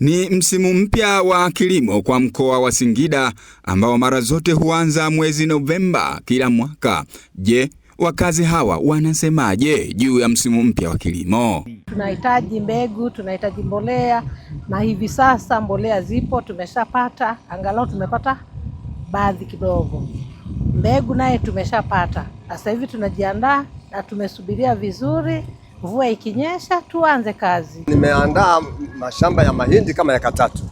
Ni msimu mpya wa kilimo kwa mkoa wa Singida ambao mara zote huanza mwezi Novemba kila mwaka. Je, wakazi hawa wanasemaje juu ya msimu mpya wa kilimo? Tunahitaji mbegu, tunahitaji mbolea, na hivi sasa mbolea zipo, tumeshapata angalau, tumepata baadhi kidogo. Mbegu naye tumeshapata, sasa hivi tunajiandaa na tumesubiria vizuri mvua ikinyesha tuanze kazi. Nimeandaa mashamba ya mahindi kama heka tatu,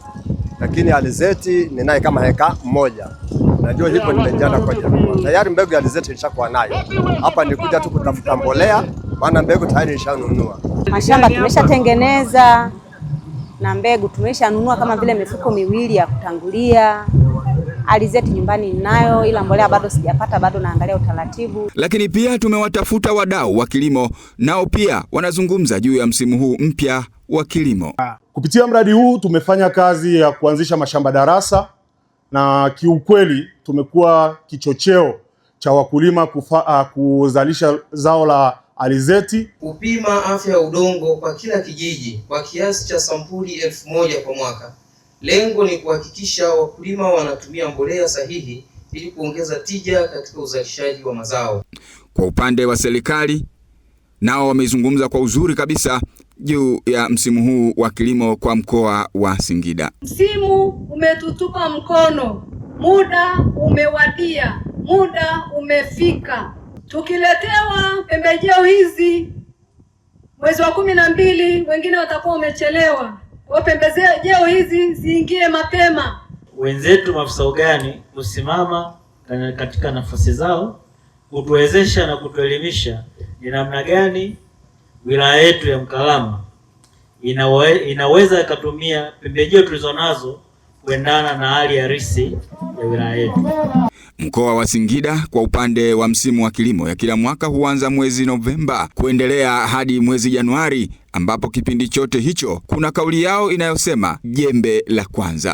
lakini alizeti ninaye kama heka moja. Najua hipo nimejana kwa jamaa. Tayari mbegu ya alizeti nishakuwa nayo hapa, nikuja tu kutafuta mbolea, maana mbegu tayari nishanunua. Mashamba tumeshatengeneza na mbegu tumeshanunua kama vile mifuko miwili ya kutangulia alizeti nyumbani ninayo, ila mbolea bado sijapata, bado naangalia utaratibu. Lakini pia tumewatafuta wadau wa kilimo, nao pia wanazungumza juu ya msimu huu mpya wa kilimo. Ah, kupitia mradi huu tumefanya kazi ya kuanzisha mashamba darasa, na kiukweli tumekuwa kichocheo cha wakulima kufa, ah, kuzalisha zao la alizeti. Kupima afya ya udongo kwa kila kijiji kwa kiasi cha sampuli elfu moja kwa mwaka Lengo ni kuhakikisha wakulima wanatumia mbolea sahihi ili kuongeza tija katika uzalishaji wa mazao. Kwa upande wa serikali nao wamezungumza kwa uzuri kabisa juu ya msimu huu wa kilimo kwa mkoa wa Singida. Msimu umetutupa mkono, muda umewadia, muda umefika. Tukiletewa pembejeo hizi mwezi wa kumi na mbili, wengine watakuwa wamechelewa jeo hizi ziingie mapema. Wenzetu maafisa ugani kusimama katika nafasi zao kutuwezesha na kutuelimisha ni namna gani wilaya yetu ya Mkalama inawe, inaweza ikatumia pembejeo tulizonazo kuendana na hali halisi ya wilaya yetu. Mkoa wa Singida kwa upande wa msimu wa kilimo ya kila mwaka huanza mwezi Novemba kuendelea hadi mwezi Januari ambapo kipindi chote hicho kuna kauli yao inayosema jembe la kwanza.